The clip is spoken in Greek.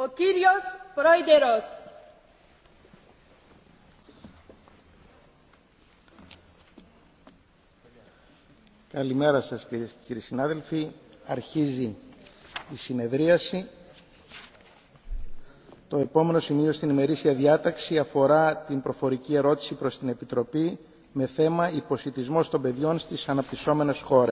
Ο κύριος Πρόεδρος. Καλημέρα σας κύριε, κύριοι συνάδελφοι. Αρχίζει η συνεδρίαση. Το επόμενο σημείο στην ημερήσια διάταξη αφορά την προφορική ερώτηση προς την Επιτροπή με θέμα «Υποσυτισμός των παιδιών στις αναπτυσσόμενες χώρες».